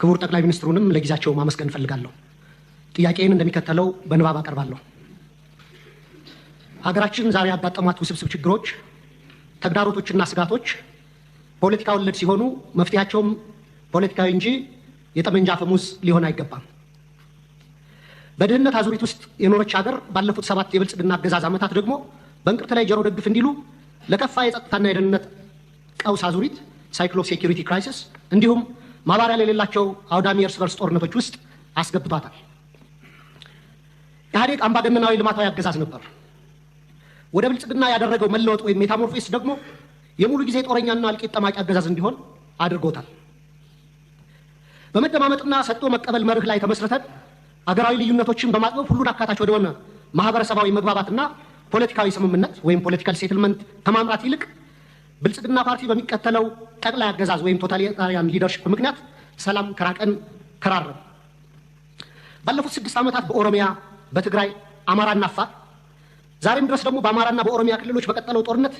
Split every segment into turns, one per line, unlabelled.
ክቡር ጠቅላይ ሚኒስትሩንም ለጊዜያቸው ማመስገን እፈልጋለሁ። ጥያቄን እንደሚከተለው በንባብ አቀርባለሁ። ሀገራችን ዛሬ ያጋጠሟት ውስብስብ ችግሮች፣ ተግዳሮቶችና ስጋቶች ፖለቲካ ወለድ ሲሆኑ መፍትሄያቸውም ፖለቲካዊ እንጂ የጠመንጃ አፈሙዝ ሊሆን አይገባም። በድህነት አዙሪት ውስጥ የኖረች ሀገር ባለፉት ሰባት የብልጽግና አገዛዝ ዓመታት ደግሞ በእንቅርት ላይ ጀሮ ደግፍ እንዲሉ ለከፋ የጸጥታና የደህንነት ቀውስ አዙሪት ሳይክሎ ሴኪሪቲ ክራይሲስ እንዲሁም ማባሪያ የሌላቸው አውዳሚ እርስ በርስ ጦርነቶች ውስጥ አስገብቷታል። ኢህአዴግ አምባገነናዊ ልማታዊ አገዛዝ ነበር። ወደ ብልጽግና ያደረገው መለወጥ ወይም ሜታሞርፊስ ደግሞ የሙሉ ጊዜ ጦረኛና እልቂት ጠማቂ አገዛዝ እንዲሆን አድርጎታል። በመደማመጥና ሰጥቶ መቀበል መርህ ላይ ተመስርተን አገራዊ ልዩነቶችን በማጥበብ ሁሉን አካታች ወደሆነ ማህበረሰባዊ መግባባትና ፖለቲካዊ ስምምነት ወይም ፖለቲካል ሴትልመንት ከማምራት ይልቅ ብልጽግና ፓርቲ በሚቀተለው ጠቅላይ አገዛዝ ወይም ቶታሊታሪያን ሊደርሽፕ ምክንያት ሰላም ከራቀን ከራረ ባለፉት ስድስት ዓመታት በኦሮሚያ፣ በትግራይ፣ አማራና አፋር ዛሬም ድረስ ደግሞ በአማራና በኦሮሚያ ክልሎች በቀጠለው ጦርነት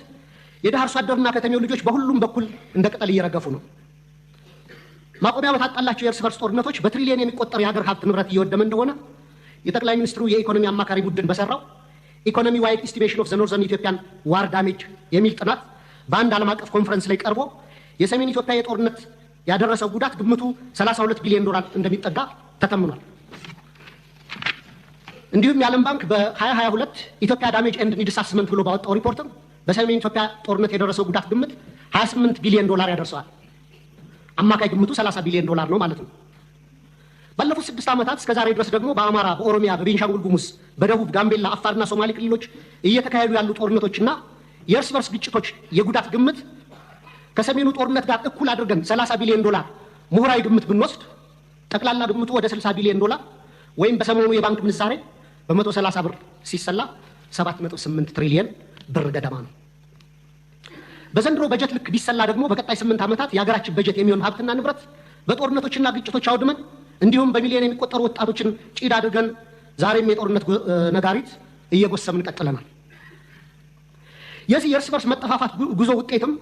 የድሃ አርሶ አደርና ከተሜው ልጆች በሁሉም በኩል እንደ ቅጠል እየረገፉ ነው። ማቆሚያ በታጣላቸው የእርስ በርስ ጦርነቶች በትሪሊየን የሚቆጠር የሀገር ሀብት ንብረት እየወደመ እንደሆነ የጠቅላይ ሚኒስትሩ የኢኮኖሚ አማካሪ ቡድን በሰራው ኢኮኖሚ ዋይድ ኢስቲሜሽን ኦፍ ዘኖርዘን ኢትዮጵያን ዋር ዳሜጅ የሚል ጥናት በአንድ ዓለም አቀፍ ኮንፈረንስ ላይ ቀርቦ የሰሜን ኢትዮጵያ የጦርነት ያደረሰው ጉዳት ግምቱ 32 ቢሊዮን ዶላር እንደሚጠጋ ተተምኗል። እንዲሁም የዓለም ባንክ በ2022 ኢትዮጵያ ዳሜጅ ኤንድ ኒድስ አስመንት ብሎ ባወጣው ሪፖርትም በሰሜን ኢትዮጵያ ጦርነት የደረሰው ጉዳት ግምት 28 ቢሊዮን ዶላር ያደርሰዋል። አማካይ ግምቱ 30 ቢሊዮን ዶላር ነው ማለት ነው። ባለፉት ስድስት ዓመታት እስከ ዛሬ ድረስ ደግሞ በአማራ፣ በኦሮሚያ፣ በቤንሻንጉል ጉሙዝ፣ በደቡብ፣ ጋምቤላ፣ አፋርና ሶማሌ ክልሎች እየተካሄዱ ያሉ ጦርነቶችና የእርስ በርስ ግጭቶች የጉዳት ግምት ከሰሜኑ ጦርነት ጋር እኩል አድርገን 30 ቢሊዮን ዶላር ምሁራዊ ግምት ብንወስድ ጠቅላላ ግምቱ ወደ 60 ቢሊዮን ዶላር ወይም በሰሞኑ የባንክ ምንዛሬ በ130 ብር ሲሰላ 7.8 ትሪሊየን ብር ገደማ ነው። በዘንድሮ በጀት ልክ ቢሰላ ደግሞ በቀጣይ 8 ዓመታት የሀገራችን በጀት የሚሆን ሀብትና ንብረት በጦርነቶችና ግጭቶች አውድመን እንዲሁም በሚሊዮን የሚቆጠሩ ወጣቶችን ጭድ አድርገን ዛሬም የጦርነት ነጋሪት እየጎሰምን ቀጥለናል። የዚህ የእርስ በርስ መጠፋፋት ጉዞ ውጤትም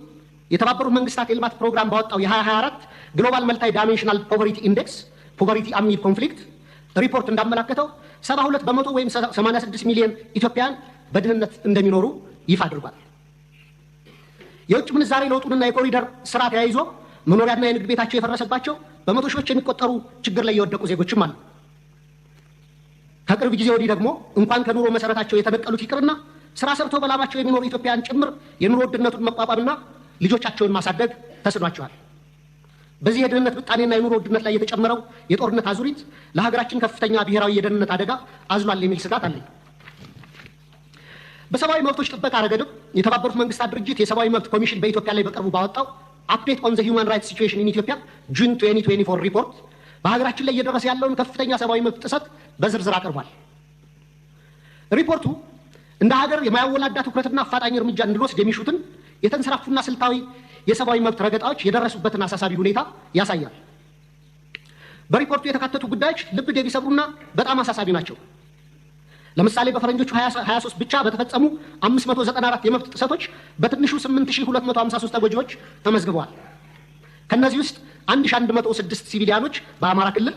የተባበሩት መንግስታት የልማት ፕሮግራም ባወጣው የ 224 ግሎባል መልታይ ዳይሜንሽናል ፖቨሪቲ ኢንዴክስ ፖቨሪቲ አሚድ ኮንፍሊክት ሪፖርት እንዳመላከተው 72 በመቶ ወይም 86 ሚሊዮን ኢትዮጵያን በድህነት እንደሚኖሩ ይፋ አድርጓል። የውጭ ምንዛሬ ለውጡንና የኮሪደር ስራ ተያይዞ መኖሪያና የንግድ ቤታቸው የፈረሰባቸው በመቶ ሺዎች የሚቆጠሩ ችግር ላይ የወደቁ ዜጎችም አሉ። ከቅርብ ጊዜ ወዲህ ደግሞ እንኳን ከኑሮ መሰረታቸው የተነቀሉት ይቅርና ስራ ሰርተው በላባቸው የሚኖሩ ኢትዮጵያን ጭምር የኑሮ ውድነቱን መቋቋምና ልጆቻቸውን ማሳደግ ተስኗቸዋል። በዚህ የደህንነት ብጣኔና የኑሮ ውድነት ላይ የተጨመረው የጦርነት አዙሪት ለሀገራችን ከፍተኛ ብሔራዊ የደህንነት አደጋ አዝሏል የሚል ስጋት አለኝ። በሰብአዊ መብቶች ጥበቃ ረገድም የተባበሩት መንግስታት ድርጅት የሰብአዊ መብት ኮሚሽን በኢትዮጵያ ላይ በቅርቡ ባወጣው አፕዴት ኦን ዘ ሂውማን ራይትስ ሲቹዌሽን ኢን ኢትዮጵያ ጁን 2024 ሪፖርት በሀገራችን ላይ እየደረሰ ያለውን ከፍተኛ ሰብአዊ መብት ጥሰት በዝርዝር አቅርቧል። ሪፖርቱ እንደ ሀገር የማያወላዳ ትኩረትና አፋጣኝ እርምጃ እንድንወስድ የሚሹትን የተንሰራፉና ስልታዊ የሰብአዊ መብት ረገጣዎች የደረሱበትን አሳሳቢ ሁኔታ ያሳያል። በሪፖርቱ የተካተቱ ጉዳዮች ልብ የሚሰብሩና በጣም አሳሳቢ ናቸው። ለምሳሌ በፈረንጆቹ 23 ብቻ በተፈጸሙ 594 የመብት ጥሰቶች በትንሹ 8253 ተጎጂዎች ተመዝግበዋል። ከነዚህ ውስጥ 1106 ሲቪሊያኖች በአማራ ክልል፣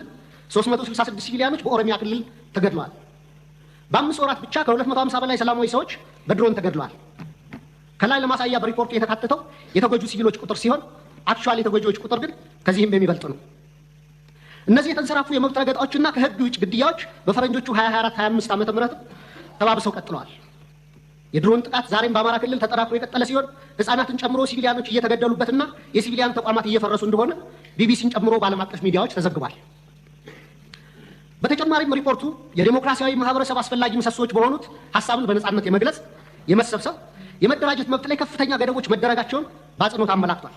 366 ሲቪሊያኖች በኦሮሚያ ክልል ተገድለዋል። በአምስት ወራት ብቻ ከ250 በላይ ሰላማዊ ሰዎች በድሮን ተገድለዋል። ከላይ ለማሳያ በሪፖርቱ የተካተተው የተጎጁ ሲቪሎች ቁጥር ሲሆን አክቹዋል የተጎጂዎች ቁጥር ግን ከዚህም በሚበልጥ ነው። እነዚህ የተንሰራፉ የመብት ረገጣዎችና ከህግ ውጭ ግድያዎች በፈረንጆቹ 2425 ዓ ም ተባብሰው ቀጥለዋል። የድሮን ጥቃት ዛሬም በአማራ ክልል ተጠራክሮ የቀጠለ ሲሆን ህፃናትን ጨምሮ ሲቪሊያኖች እየተገደሉበትና የሲቪሊያን ተቋማት እየፈረሱ እንደሆነ ቢቢሲን ጨምሮ በዓለም አቀፍ ሚዲያዎች ተዘግቧል። በተጨማሪም ሪፖርቱ የዴሞክራሲያዊ ማህበረሰብ አስፈላጊ ምሰሶዎች በሆኑት ሀሳብን በነጻነት የመግለጽ፣ የመሰብሰብ፣ የመደራጀት መብት ላይ ከፍተኛ ገደቦች መደረጋቸውን በአጽንኦት አመላክቷል።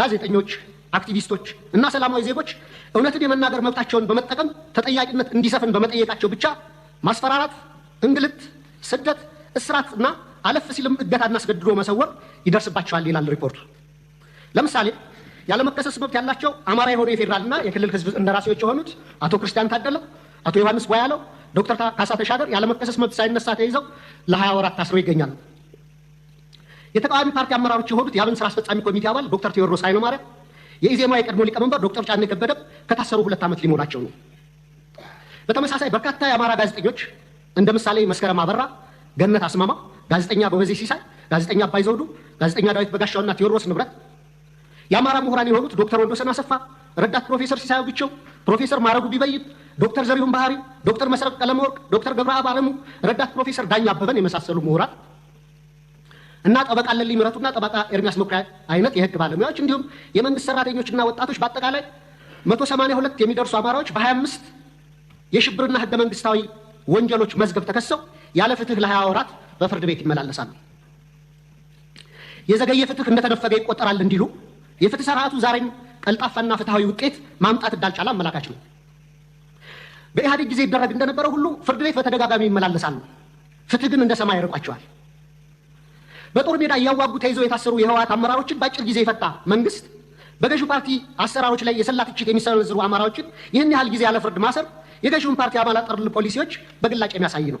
ጋዜጠኞች፣ አክቲቪስቶች እና ሰላማዊ ዜጎች እውነትን የመናገር መብታቸውን በመጠቀም ተጠያቂነት እንዲሰፍን በመጠየቃቸው ብቻ ማስፈራራት፣ እንግልት፣ ስደት፣ እስራት እና አለፍ ሲልም እገታና አስገድዶ መሰወር ይደርስባቸዋል ይላል ሪፖርቱ። ለምሳሌ ያለመከሰስ መብት ያላቸው አማራ የሆኑ የፌዴራልና የክልል ህዝብ እንደራሴዎች የሆኑት አቶ ክርስቲያን ታደለ፣ አቶ ዮሐንስ ቧያለው፣ ዶክተር ካሳ ተሻገር ያለመከሰስ መብት ሳይነሳ ተይዘው ለ 24 ታስረው ይገኛሉ። የተቃዋሚ ፓርቲ አመራሮች የሆኑት የአብን ስራ አስፈጻሚ ኮሚቴ አባል ዶክተር ቴዎድሮስ ኃይለማርያም፣ የኢዜማ የቀድሞ ሊቀመንበር ዶክተር ጫኔ ከበደም ከታሰሩ ሁለት ዓመት ሊሞላቸው ነው። በተመሳሳይ በርካታ የአማራ ጋዜጠኞች እንደ ምሳሌ መስከረም አበራ፣ ገነት አስማማ፣ ጋዜጠኛ በበዜ ሲሳይ፣ ጋዜጠኛ አባይ ዘውዱ፣ ጋዜጠኛ ዳዊት በጋሻውና ቴዎድሮስ ንብረት የአማራ ምሁራን የሆኑት ዶክተር ወንዶሰን አሰፋ፣ ረዳት ፕሮፌሰር ሲሳዩ ብቸው፣ ፕሮፌሰር ማረጉ ቢበይት፣ ዶክተር ዘሪሁን ባህሪ፣ ዶክተር መሰረቅ ቀለመወርቅ፣ ዶክተር ገብረአብ አለሙ፣ ረዳት ፕሮፌሰር ዳኝ አበበን የመሳሰሉ ምሁራን እና ጠበቃ ለሊ ምረቱና ጠበቃ ኤርሚያስ መኩሪያ አይነት የህግ ባለሙያዎች እንዲሁም የመንግስት ሰራተኞችና ወጣቶች በአጠቃላይ 182 የሚደርሱ አማራዎች በ25 የሽብርና ህገ መንግስታዊ ወንጀሎች መዝገብ ተከሰው ያለ ፍትህ ለ20 ወራት በፍርድ ቤት ይመላለሳሉ። የዘገየ ፍትህ እንደተነፈገ ይቆጠራል እንዲሉ የፍትህ ስርዓቱ ዛሬም ቀልጣፋና ፍትሐዊ ውጤት ማምጣት እንዳልቻለ አመላካች ነው። በኢህአዴግ ጊዜ ይደረግ እንደነበረው ሁሉ ፍርድ ቤት በተደጋጋሚ ይመላለሳሉ። ፍትህ ግን እንደ ሰማይ ያርቋቸዋል። በጦር ሜዳ እያዋጉ ተይዘው የታሰሩ የህወሓት አመራሮችን በአጭር ጊዜ የፈታ መንግስት በገዢው ፓርቲ አሰራሮች ላይ የሰላ ትችት የሚሰነዝሩ አማራዎችን ይህን ያህል ጊዜ ያለ ፍርድ ማሰር የገዢውን ፓርቲ አባላት ጠል ፖሊሲዎች በግላጭ የሚያሳይ ነው።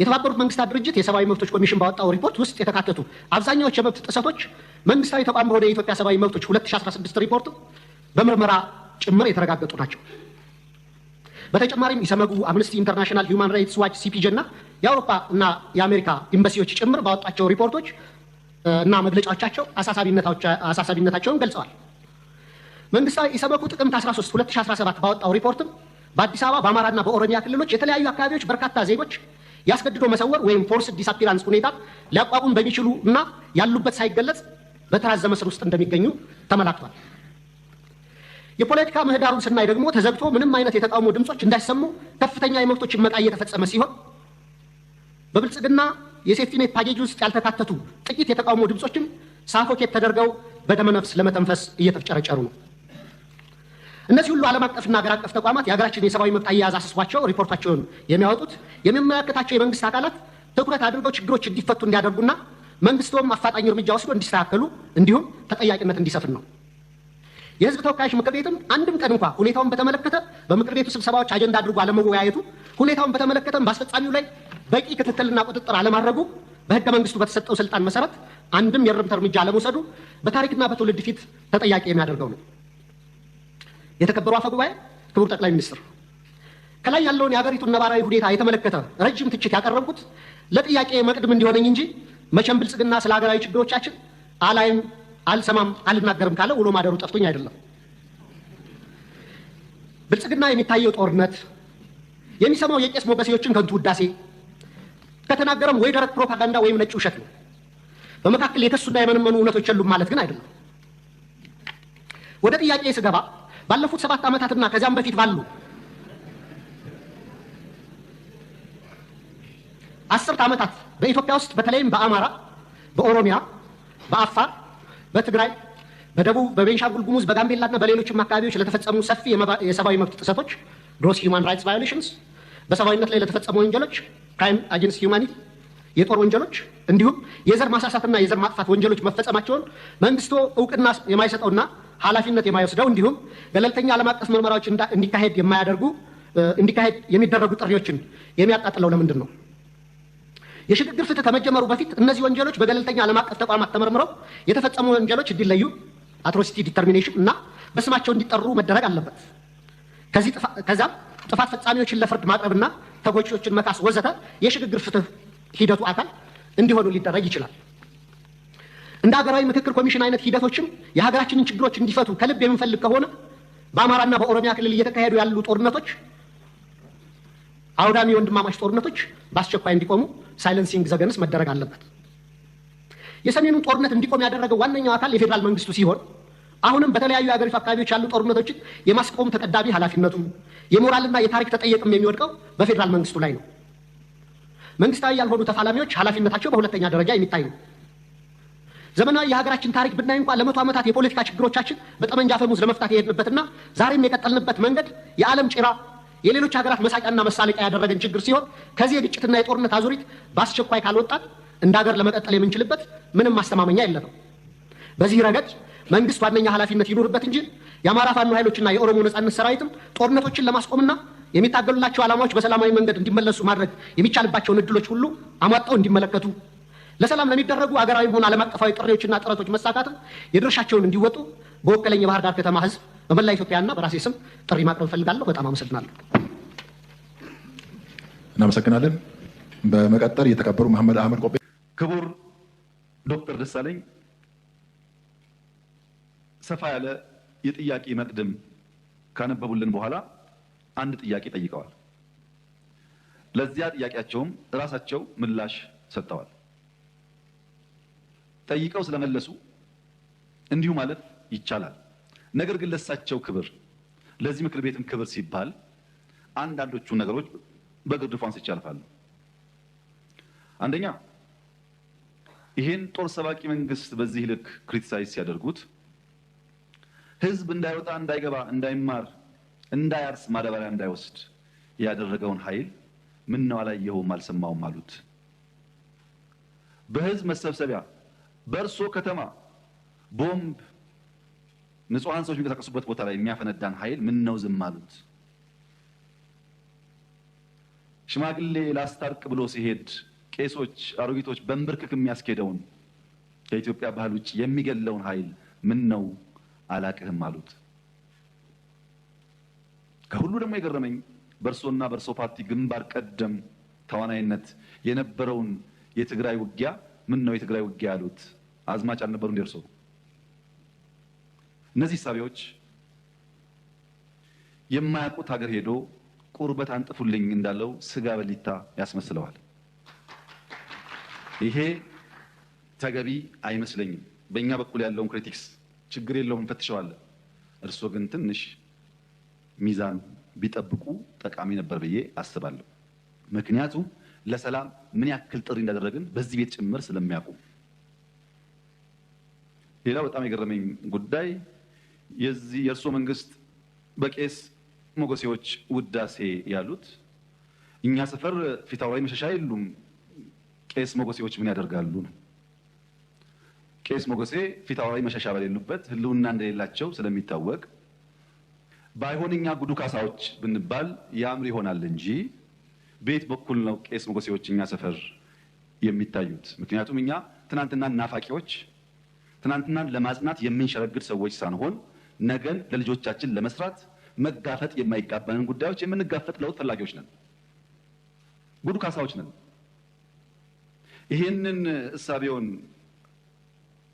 የተባበሩት መንግስታት ድርጅት የሰብአዊ መብቶች ኮሚሽን ባወጣው ሪፖርት ውስጥ የተካተቱ አብዛኛዎች የመብት ጥሰቶች መንግስታዊ ተቋም በሆነ የኢትዮጵያ ሰብአዊ መብቶች 2016 ሪፖርት በምርመራ ጭምር የተረጋገጡ ናቸው። በተጨማሪም የሰመጉ፣ አምነስቲ ኢንተርናሽናል፣ ሂውማን ራይትስ ዋች፣ ሲፒጄ እና የአውሮፓ እና የአሜሪካ ኤምባሲዎች ጭምር ባወጣቸው ሪፖርቶች እና መግለጫዎቻቸው አሳሳቢነታቸውን ገልጸዋል። መንግስታዊ የሰመጉ ጥቅምት 13 2017 ባወጣው ሪፖርትም በአዲስ አበባ በአማራና በኦሮሚያ ክልሎች የተለያዩ አካባቢዎች በርካታ ዜጎች ያስገድዶ መሰወር ወይም ፎርስ ዲስአፒራንስ ሁኔታ ሊያቋቁም በሚችሉ እና ያሉበት ሳይገለጽ በተራዘመ ስር ውስጥ እንደሚገኙ ተመላክቷል። የፖለቲካ ምህዳሩን ስናይ ደግሞ ተዘግቶ ምንም አይነት የተቃውሞ ድምፆች እንዳይሰሙ ከፍተኛ የመብቶች መቃ እየተፈጸመ ሲሆን በብልጽግና የሴፍቲኔት ፓኬጅ ውስጥ ያልተካተቱ ጥቂት የተቃውሞ ድምፆችም ሳፎኬት ተደርገው በደመነፍስ ለመተንፈስ እየተፍጨረጨሩ ነው። እነዚህ ሁሉ ዓለም አቀፍና ሀገር አቀፍ ተቋማት የሀገራችን የሰብአዊ መብት አያያዝ አስስቧቸው ሪፖርታቸውን የሚያወጡት የሚመለከታቸው የመንግስት አካላት ትኩረት አድርገው ችግሮች እንዲፈቱ እንዲያደርጉና መንግስቶም አፋጣኝ እርምጃ ወስዶ እንዲስተካከሉ እንዲሁም ተጠያቂነት እንዲሰፍን ነው። የህዝብ ተወካዮች ምክር ቤትም አንድም ቀን እንኳ ሁኔታውን በተመለከተ በምክር ቤቱ ስብሰባዎች አጀንዳ አድርጎ አለመወያየቱ፣ ሁኔታውን በተመለከተም በአስፈጻሚው ላይ በቂ ክትትልና ቁጥጥር አለማድረጉ፣ በህገ መንግስቱ በተሰጠው ስልጣን መሰረት አንድም የእርምት እርምጃ አለመውሰዱ በታሪክና በትውልድ ፊት ተጠያቂ የሚያደርገው ነው። የተከበሩ አፈ ጉባኤ፣ ክቡር ጠቅላይ ሚኒስትር፣ ከላይ ያለውን የሀገሪቱን ነባራዊ ሁኔታ የተመለከተ ረጅም ትችት ያቀረብኩት ለጥያቄ መቅድም እንዲሆነኝ እንጂ መቼም ብልጽግና ስለ ሀገራዊ ችግሮቻችን አላይም፣ አልሰማም፣ አልናገርም ካለ ውሎ ማደሩ ጠፍቶኝ አይደለም። ብልጽግና የሚታየው ጦርነት፣ የሚሰማው የቄስ ሞገሴዎችን ከንቱ ውዳሴ፣ ከተናገረም ወይ ደረቅ ፕሮፓጋንዳ ወይም ነጭ ውሸት ነው። በመካከል የተሱና የመነመኑ እውነቶች የሉም ማለት ግን አይደለም። ወደ ጥያቄ ስገባ ባለፉት ሰባት ዓመታትና ከዚያም በፊት ባሉ አስርት ዓመታት በኢትዮጵያ ውስጥ በተለይም በአማራ፣ በኦሮሚያ፣ በአፋር፣ በትግራይ፣ በደቡብ፣ በቤንሻንጉል ጉሙዝ፣ በጋምቤላና በሌሎችም አካባቢዎች ለተፈጸሙ ሰፊ የሰብአዊ መብት ጥሰቶች ግሮስ ሂውማን ራይትስ ቫዮሌሽንስ፣ በሰብአዊነት ላይ ለተፈጸሙ ወንጀሎች ክራይም አጌንስት ሂውማኒቲ፣ የጦር ወንጀሎች እንዲሁም የዘር ማሳሳትና የዘር ማጥፋት ወንጀሎች መፈጸማቸውን መንግስቶ እውቅና የማይሰጠውና ኃላፊነት የማይወስደው እንዲሁም ገለልተኛ ዓለም አቀፍ ምርመራዎች እንዲካሄድ የማያደርጉ እንዲካሄድ የሚደረጉ ጥሪዎችን የሚያጣጥለው ለምንድን ነው? የሽግግር ፍትህ ከመጀመሩ በፊት እነዚህ ወንጀሎች በገለልተኛ ዓለም አቀፍ ተቋማት ተመርምረው የተፈጸሙ ወንጀሎች እንዲለዩ አትሮሲቲ ዲተርሚኔሽን እና በስማቸው እንዲጠሩ መደረግ አለበት። ከዚያም ጥፋት ፈጻሚዎችን ለፍርድ ማቅረብና ተጎጂዎችን መካስ ወዘተ የሽግግር ፍትህ ሂደቱ አካል እንዲሆኑ ሊደረግ ይችላል። እንደ ሀገራዊ ምክክር ኮሚሽን አይነት ሂደቶችም የሀገራችንን ችግሮች እንዲፈቱ ከልብ የምንፈልግ ከሆነ በአማራና በኦሮሚያ ክልል እየተካሄዱ ያሉ ጦርነቶች፣ አውዳሚ ወንድማማች ጦርነቶች በአስቸኳይ እንዲቆሙ ሳይለንሲንግ ዘገንስ መደረግ አለበት። የሰሜኑን ጦርነት እንዲቆም ያደረገው ዋነኛው አካል የፌዴራል መንግስቱ ሲሆን አሁንም በተለያዩ የሀገሪቱ አካባቢዎች ያሉ ጦርነቶችን የማስቆም ተቀዳሚ ኃላፊነቱ የሞራልና የታሪክ ተጠየቅም የሚወድቀው በፌዴራል መንግስቱ ላይ ነው። መንግስታዊ ያልሆኑ ተፋላሚዎች ኃላፊነታቸው በሁለተኛ ደረጃ የሚታይ ነው። ዘመናዊ የሀገራችን ታሪክ ብናይ እንኳን ለመቶ ዓመታት የፖለቲካ ችግሮቻችን በጠመንጃ አፈሙዝ ለመፍታት የሄድንበትና ዛሬም የቀጠልንበት መንገድ የዓለም ጭራ የሌሎች ሀገራት መሳቂያና መሳለቂያ ያደረገን ችግር ሲሆን ከዚህ የግጭትና የጦርነት አዙሪት በአስቸኳይ ካልወጣን እንደ ሀገር ለመቀጠል የምንችልበት ምንም ማስተማመኛ የለንም። በዚህ ረገድ መንግስት ዋነኛ ኃላፊነት ይኑርበት እንጂ የአማራ ፋኖ ኃይሎችና የኦሮሞ ነጻነት ሰራዊትም ጦርነቶችን ለማስቆምና የሚታገሉላቸው ዓላማዎች በሰላማዊ መንገድ እንዲመለሱ ማድረግ የሚቻልባቸውን እድሎች ሁሉ አሟጠው እንዲመለከቱ ለሰላም ለሚደረጉ አገራዊ ሆነ ዓለም አቀፋዊ ጥሪዎችና ጥረቶች መሳካት የድርሻቸውን እንዲወጡ በወከለኝ የባህር ዳር ከተማ ህዝብ በመላ ኢትዮጵያና በራሴ ስም ጥሪ ማቅረብ እፈልጋለሁ። በጣም አመሰግናለሁ።
እናመሰግናለን። በመቀጠል የተከበሩ መሐመድ አህመድ ቆቤ። ክቡር ዶክተር ደሳለኝ ሰፋ ያለ የጥያቄ መቅድም ካነበቡልን በኋላ አንድ ጥያቄ ጠይቀዋል። ለዚያ ጥያቄያቸውም እራሳቸው ምላሽ ሰጥተዋል። ጠይቀው ስለመለሱ እንዲሁ ማለት ይቻላል። ነገር ግን ለሳቸው ክብር ለዚህ ምክር ቤትም ክብር ሲባል አንዳንዶቹ ነገሮች በግርድፉ አንስቼ አልፋለሁ። አንደኛ ይህን ጦር ሰባቂ መንግስት በዚህ ልክ ክሪቲሳይዝ ሲያደርጉት ህዝብ እንዳይወጣ፣ እንዳይገባ፣ እንዳይማር፣ እንዳያርስ፣ ማዳበሪያ እንዳይወስድ ያደረገውን ኃይል ምን ነው አላየኸውም፣ አልሰማውም አሉት። በህዝብ መሰብሰቢያ በእርሶ ከተማ ቦምብ ንጹሐን ሰዎች የሚንቀሳቀሱበት ቦታ ላይ የሚያፈነዳን ኃይል ምን ነው ዝም አሉት? ሽማግሌ ላስታርቅ ብሎ ሲሄድ ቄሶች፣ አሮጊቶች በንብርክክ የሚያስኬደውን ከኢትዮጵያ ባህል ውጭ የሚገለውን ኃይል ምን ነው አላቅህም አሉት። ከሁሉ ደግሞ የገረመኝ በእርሶና በእርሶ ፓርቲ ግንባር ቀደም ተዋናይነት የነበረውን የትግራይ ውጊያ ምን ነው የትግራይ ውጊያ ያሉት አዝማጭ አልነበሩ ደርሶ እነዚህ ሳቢዎች የማያውቁት ሀገር ሄዶ ቁርበት አንጥፉልኝ እንዳለው ስጋ በሊታ ያስመስለዋል። ይሄ ተገቢ አይመስለኝም። በእኛ በኩል ያለውን ክሪቲክስ ችግር የለውም እንፈትሸዋለን። እርስዎ ግን ትንሽ ሚዛን ቢጠብቁ ጠቃሚ ነበር ብዬ አስባለሁ። ምክንያቱም ለሰላም ምን ያክል ጥሪ እንዳደረግን በዚህ ቤት ጭምር ስለሚያውቁ። ሌላው በጣም የገረመኝ ጉዳይ የዚህ የእርስዎ መንግስት በቄስ ሞገሴዎች ውዳሴ ያሉት እኛ ሰፈር ፊታውራሪ መሸሻ የሉም፣ ቄስ ሞገሴዎች ምን ያደርጋሉ ነው። ቄስ ሞገሴ ፊታውራሪ መሸሻ በሌሉበት ህልውና እንደሌላቸው ስለሚታወቅ ባይሆን እኛ ጉዱ ካሳዎች ብንባል ያምር ይሆናል እንጂ በየት በኩል ነው ቄስ መጎሴዎች እኛ ሰፈር የሚታዩት? ምክንያቱም እኛ ትናንትናን ናፋቂዎች፣ ትናንትናን ለማጽናት የምንሸረግድ ሰዎች ሳንሆን ነገን ለልጆቻችን ለመስራት መጋፈጥ የማይጋባንን ጉዳዮች የምንጋፈጥ ለውጥ ፈላጊዎች ነን። ጉዱ ካሳዎች ነን። ይህንን እሳቤውን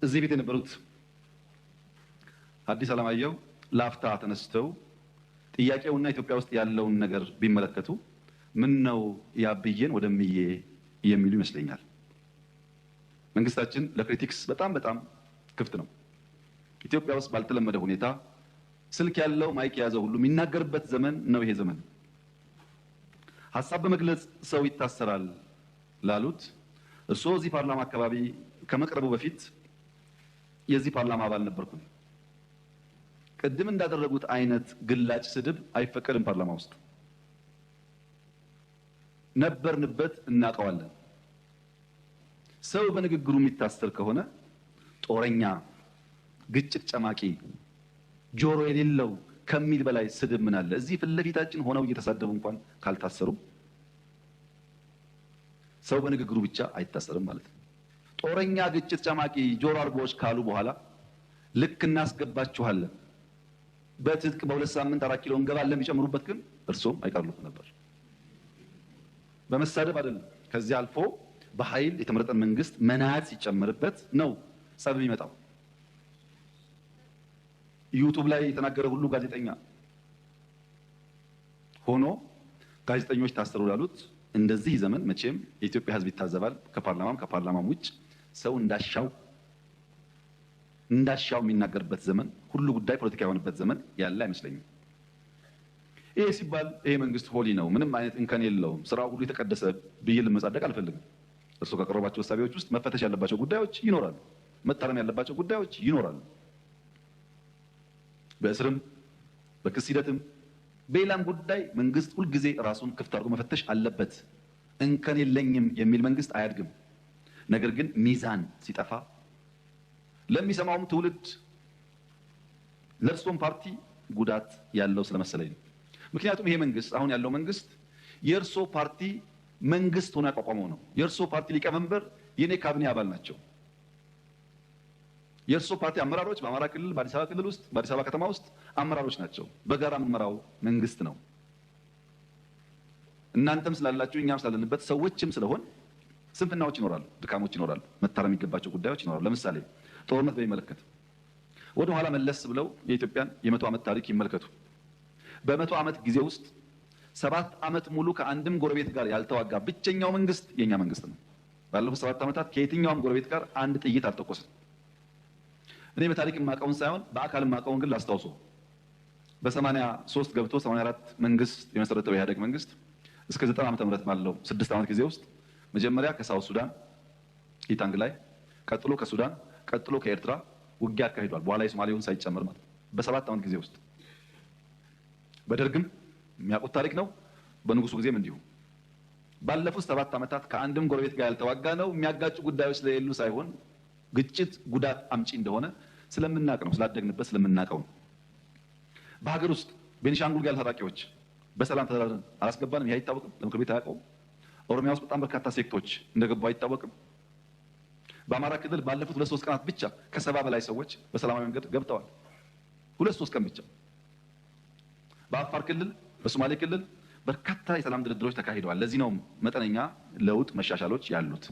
እዚህ ቤት የነበሩት አዲስ ዓለማየሁ ላፍታ ተነስተው ጥያቄውና ኢትዮጵያ ውስጥ ያለውን ነገር ቢመለከቱ ምን ነው ያብዬን ወደምዬ የሚሉ ይመስለኛል። መንግስታችን ለክሪቲክስ በጣም በጣም ክፍት ነው። ኢትዮጵያ ውስጥ ባልተለመደ ሁኔታ ስልክ ያለው ማይክ የያዘ ሁሉ የሚናገርበት ዘመን ነው ይሄ ዘመን። ሀሳብ በመግለጽ ሰው ይታሰራል ላሉት እርስዎ እዚህ ፓርላማ አካባቢ ከመቅረቡ በፊት የዚህ ፓርላማ አባል ነበርኩኝ። ቅድም እንዳደረጉት አይነት ግላጭ ስድብ አይፈቀድም ፓርላማ ውስጥ። ነበርንበት እናውቀዋለን። ሰው በንግግሩ የሚታሰር ከሆነ ጦረኛ፣ ግጭት ጨማቂ፣ ጆሮ የሌለው ከሚል በላይ ስድብ ምን አለ? እዚህ ፊት ለፊታችን ሆነው እየተሳደቡ እንኳን ካልታሰሩ ሰው በንግግሩ ብቻ አይታሰርም ማለት ነው። ጦረኛ፣ ግጭት ጨማቂ፣ ጆሮ አልቦዎች ካሉ በኋላ ልክ እናስገባችኋለን፣ በትጥቅ በሁለት ሳምንት አራት ኪሎ እንገባለን የሚጨምሩበት ግን እርሶም አይቀርሉት ነበር። በመሳደብ አይደለም። ከዚህ አልፎ በኃይል የተመረጠ መንግስት መናት ሲጨመርበት ነው ጸብ የሚመጣው። ዩቱብ ላይ የተናገረ ሁሉ ጋዜጠኛ ሆኖ ጋዜጠኞች ታሰሩ ላሉት እንደዚህ ዘመን መቼም የኢትዮጵያ ሕዝብ ይታዘባል። ከፓርላማም ከፓርላማም ውጭ ሰው እንዳሻው እንዳሻው የሚናገርበት ዘመን፣ ሁሉ ጉዳይ ፖለቲካ የሆነበት ዘመን ያለ አይመስለኝም። ይሄ ሲባል ይሄ መንግስት ሆሊ ነው፣ ምንም አይነት እንከን የለውም፣ ስራው ሁሉ የተቀደሰ ብዬ ልመጻደቅ አልፈልግም። እርሱ ካቀረባቸው ሀሳቢዎች ውስጥ መፈተሽ ያለባቸው ጉዳዮች ይኖራሉ፣ መታረም ያለባቸው ጉዳዮች ይኖራሉ። በእስርም በክስ ሂደትም በሌላም ጉዳይ መንግስት ሁልጊዜ ራሱን ክፍት አድርጎ መፈተሽ አለበት። እንከን የለኝም የሚል መንግስት አያድግም። ነገር ግን ሚዛን ሲጠፋ ለሚሰማውም ትውልድ ለእርሶም ፓርቲ ጉዳት ያለው ስለመሰለኝ ነው። ምክንያቱም ይሄ መንግስት አሁን ያለው መንግስት የእርሶ ፓርቲ መንግስት ሆኖ ያቋቋመው ነው። የእርሶ ፓርቲ ሊቀመንበር የኔ ካቢኔ አባል ናቸው። የእርሶ ፓርቲ አመራሮች በአማራ ክልል፣ በአዲስ አበባ ክልል ውስጥ፣ በአዲስ አበባ ከተማ ውስጥ አመራሮች ናቸው። በጋራ የምንመራው መንግስት ነው። እናንተም ስላላችሁ እኛም ስላለንበት ሰዎችም ስለሆን ስንፍናዎች ይኖራሉ፣ ድካሞች ይኖራሉ፣ መታረም የሚገባቸው ጉዳዮች ይኖራሉ። ለምሳሌ ጦርነት በሚመለከት ወደ ኋላ መለስ ብለው የኢትዮጵያን የመቶ ዓመት ታሪክ ይመልከቱ። በመቶ ዓመት ጊዜ ውስጥ ሰባት ዓመት ሙሉ ከአንድም ጎረቤት ጋር ያልተዋጋ ብቸኛው መንግስት የእኛ መንግስት ነው። ባለፉት ሰባት ዓመታት ከየትኛውም ጎረቤት ጋር አንድ ጥይት አልተኮስም። እኔ በታሪክ የማውቀውን ሳይሆን በአካል የማውቀውን ግን ላስታውሶ በሰማንያ ሶስት ገብቶ ሰማንያ አራት መንግስት የመሰረተው ኢህአደግ መንግስት እስከ ዘጠና ዓመተ ምህረት ባለው ስድስት ዓመት ጊዜ ውስጥ መጀመሪያ ከሳውት ሱዳን ኢታንግ ላይ ቀጥሎ ከሱዳን ቀጥሎ ከኤርትራ ውጊያ አካሂዷል። በኋላ የሶማሌውን ሳይጨምር ማለት በሰባት ዓመት ጊዜ ውስጥ በደርግም የሚያውቁት ታሪክ ነው። በንጉሱ ጊዜም እንዲሁ ባለፉት ሰባት ዓመታት ከአንድም ጎረቤት ጋር ያልተዋጋ ነው። የሚያጋጩ ጉዳዮች ስለሌሉ ሳይሆን ግጭት ጉዳት አምጪ እንደሆነ ስለምናቅ ነው፣ ስላደግንበት ስለምናቀው ነው። በሀገር ውስጥ ቤኒሻንጉል ጋር ያሉ ታጣቂዎች በሰላም ተደራድረን አላስገባንም። ይህ አይታወቅም፣ ለምክር ቤት አያውቀውም። ኦሮሚያ ውስጥ በጣም በርካታ ሴክቶች እንደገቡ አይታወቅም። በአማራ ክልል ባለፉት ሁለት ሶስት ቀናት ብቻ ከሰባ በላይ ሰዎች በሰላማዊ መንገድ ገብተዋል። ሁለት ሶስት ቀን ብቻ በአፋር ክልል፣ በሶማሌ ክልል በርካታ የሰላም ድርድሮች ተካሂደዋል። ለዚህ ነው መጠነኛ ለውጥ መሻሻሎች ያሉት።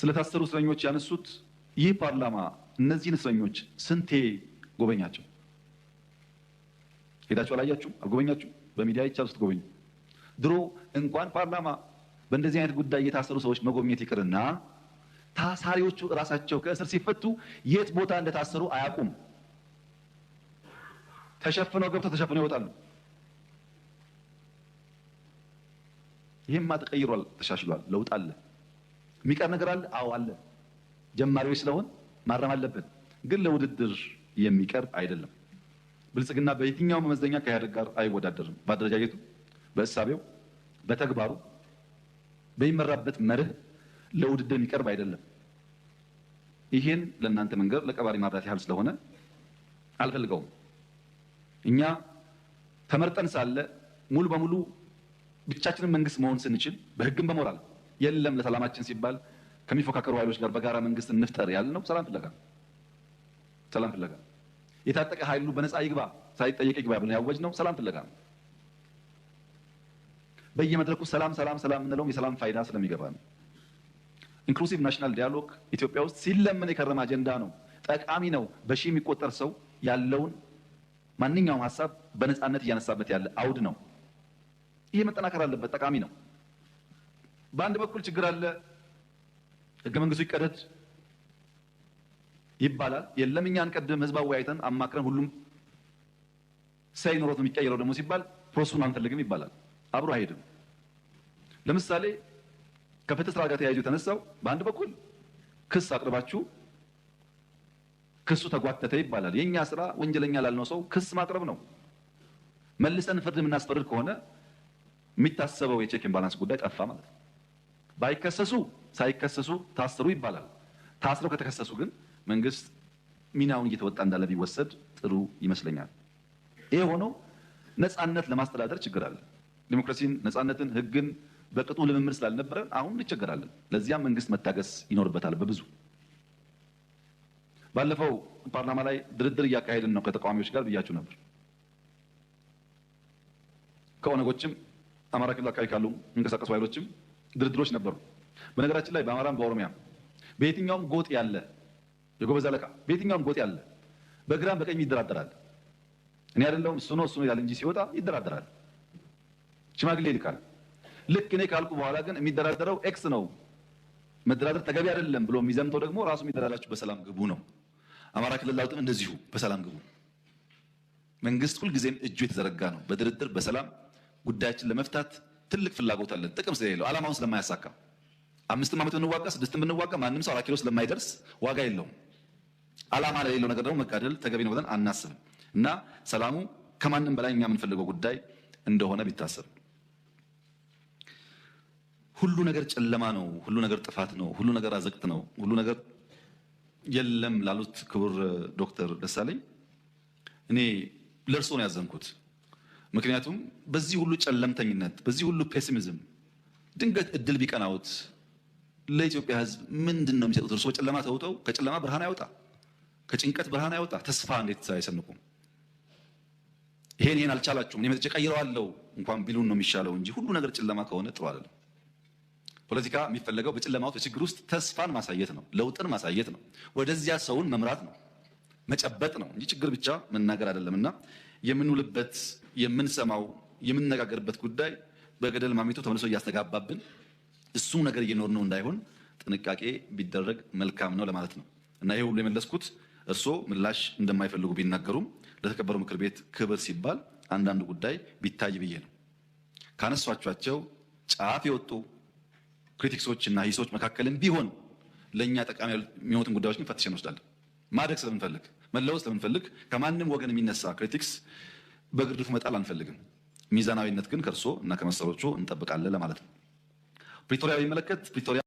ስለታሰሩ እስረኞች ያነሱት ይህ ፓርላማ እነዚህን እስረኞች ስንቴ ጎበኛቸው? ሄዳችሁ አላያችሁም? አልጎበኛችሁ? በሚዲያ ይቻል ስትጎበኙ ድሮ እንኳን ፓርላማ በእንደዚህ አይነት ጉዳይ የታሰሩ ሰዎች መጎብኘት ይቅርና ታሳሪዎቹ ራሳቸው ከእስር ሲፈቱ የት ቦታ እንደታሰሩ አያውቁም። ተሸፍነው ገብተው ተሸፍነው ይወጣሉ። ይህማ ተቀይሯል፣ ተሻሽሏል፣ ለውጥ አለ። የሚቀር ነገር አለ? አዎ አለ። ጀማሪዎች ስለሆን ማረም አለብን፣ ግን ለውድድር የሚቀር አይደለም። ብልጽግና በየትኛው መመዘኛ ከኢህአዴግ ጋር አይወዳደርም። በአደረጃጀቱ፣ በእሳቤው፣ በተግባሩ፣ በሚመራበት መርህ ለውድድር የሚቀርብ አይደለም። ይህን ለእናንተ መንገር ለቀባሪ ማርዳት ያህል ስለሆነ አልፈልገውም። እኛ ተመርጠን ሳለ ሙሉ በሙሉ ብቻችንን መንግስት መሆን ስንችል በህግም በሞራል የለም ለሰላማችን ሲባል ከሚፎካከሩ ኃይሎች ጋር በጋራ መንግስት እንፍጠር ያልነው ሰላም ፍለጋ ሰላም ፍለጋ የታጠቀ ኃይሉ በነፃ ይግባ ሳይጠየቅ ይግባ ብለን ያወጅነው ሰላም ፍለጋ ነው። በየመድረኩ ሰላም ሰላም ሰላም የምንለውም የሰላም ፋይዳ ስለሚገባ ነው። ኢንክሉሲቭ ናሽናል ዲያሎግ ኢትዮጵያ ውስጥ ሲለምን የከረመ አጀንዳ ነው። ጠቃሚ ነው። በሺ የሚቆጠር ሰው ያለውን ማንኛውም ሀሳብ በነፃነት እያነሳበት ያለ አውድ ነው። ይሄ መጠናከር አለበት። ጠቃሚ ነው። በአንድ በኩል ችግር አለ። ህገ መንግስቱ ይቀደድ ይባላል። የለም እኛ አንቀድም፣ ህዝብ አወያይተን አማክረን ሁሉም ሳይኖሮት የሚቀየረው ደግሞ ሲባል ፕሮሰሱን አንፈልግም ይባላል። አብሮ አይሄድም። ለምሳሌ ከፍትህ ስራ ጋር ተያይዞ የተነሳው በአንድ በኩል ክስ አቅርባችሁ ክሱ ተጓተተ ይባላል። የእኛ ስራ ወንጀለኛ ላልነው ሰው ክስ ማቅረብ ነው። መልሰን ፍርድ የምናስፈርድ ከሆነ የሚታሰበው የቼክ ኢምባላንስ ጉዳይ ጠፋ ማለት ነው። ባይከሰሱ ሳይከሰሱ ታስሩ ይባላል። ታስረው ከተከሰሱ ግን መንግስት ሚናውን እየተወጣ እንዳለ ቢወሰድ ጥሩ ይመስለኛል። ይሄ ሆኖ ነፃነት ለማስተዳደር ችግር አለ። ዲሞክራሲን፣ ነፃነትን፣ ህግን በቅጡ ልምምድ ስላልነበረን አሁን እንቸገራለን። ለዚያም መንግስት መታገስ ይኖርበታል። በብዙ ባለፈው ፓርላማ ላይ ድርድር እያካሄድን ነው ከተቃዋሚዎች ጋር ብያችሁ ነበር። ከኦነጎችም አማራ ክልል አካባቢ ካሉ የሚንቀሳቀሱ ኃይሎችም ድርድሮች ነበሩ። በነገራችን ላይ በአማራም በኦሮሚያም በየትኛውም ጎጥ ያለ የጎበዝ አለቃ በየትኛውም ጎጥ ያለ በግራም በቀኝ ይደራደራል። እኔ አይደለሁም እሱ ነው እሱ ነው ያለ እንጂ ሲወጣ ይደራደራል። ሽማግሌ ይልካል። ልክ እኔ ካልኩ በኋላ ግን የሚደራደረው ኤክስ ነው መደራደር ተገቢ አይደለም ብሎ የሚዘምተው ደግሞ ራሱ የሚደራዳችሁ በሰላም ግቡ ነው። አማራ ክልል ላውጥም እንደዚሁ በሰላም ግቡ። መንግስት ሁልጊዜም እጁ የተዘረጋ ነው። በድርድር በሰላም ጉዳያችን ለመፍታት ትልቅ ፍላጎት አለን። ጥቅም ስለሌለው አላማውን ስለማያሳካ አምስትም ዓመት ብንዋጋ ስድስትም ብንዋጋ ማንም ሰው አራት ኪሎ ስለማይደርስ ዋጋ የለውም። አላማ ለሌለው ነገር ደግሞ መጋደል ተገቢ ነው ብለን አናስብም እና ሰላሙ ከማንም በላይ እኛ የምንፈልገው ጉዳይ እንደሆነ ቢታሰብ ሁሉ ነገር ጨለማ ነው፣ ሁሉ ነገር ጥፋት ነው፣ ሁሉ ነገር አዘቅት ነው፣ ሁሉ ነገር የለም ላሉት ክቡር ዶክተር ደሳለኝ እኔ ለእርሶ ነው ያዘንኩት። ምክንያቱም በዚህ ሁሉ ጨለምተኝነት፣ በዚህ ሁሉ ፔሲሚዝም ድንገት እድል ቢቀናውት ለኢትዮጵያ ሕዝብ ምንድን ነው የሚሰጡት? እርስ በጨለማ ተውጠው ከጨለማ ብርሃን ያወጣ፣ ከጭንቀት ብርሃን ያወጣ ተስፋ እንዴት አይሰንቁም? ይሄን ይሄን አልቻላችሁም እኔ መጥቼ ቀይረዋለሁ እንኳን ቢሉን ነው የሚሻለው እንጂ ሁሉ ነገር ጨለማ ከሆነ ጥሩ አይደለም። ፖለቲካ የሚፈለገው በጨለማ ውስጥ በችግር ውስጥ ተስፋን ማሳየት ነው፣ ለውጥን ማሳየት ነው፣ ወደዚያ ሰውን መምራት ነው፣ መጨበጥ ነው እንጂ ችግር ብቻ መናገር አይደለም። እና የምንውልበት የምንሰማው፣ የምንነጋገርበት ጉዳይ በገደል ማሚቶ ተመልሶ እያስተጋባብን እሱ ነገር ነው እንዳይሆን ጥንቃቄ ቢደረግ መልካም ነው ለማለት ነው። እና ይሄ ሁሉ የመለስኩት እርስዎ ምላሽ እንደማይፈልጉ ቢናገሩም ለተከበረው ምክር ቤት ክብር ሲባል አንዳንድ ጉዳይ ቢታይ ብዬ ነው። ካነሷቸው ጫፍ የወጡ ክሪቲክሶች እና ሂሶች መካከልም ቢሆን ለእኛ ጠቃሚ የሚሆኑትን ጉዳዮች ግን ፈትሸን እንወስዳለን። ማድረግ ስለምንፈልግ መለወጥ ስለምንፈልግ ከማንም ወገን የሚነሳ ክሪቲክስ በግርድፉ መጣል አንፈልግም። ሚዛናዊነት ግን ከእርሶ እና ከመሰሎቹ እንጠብቃለን ለማለት ነው። ፕሪቶሪያ በሚመለከት ፕሪቶሪያ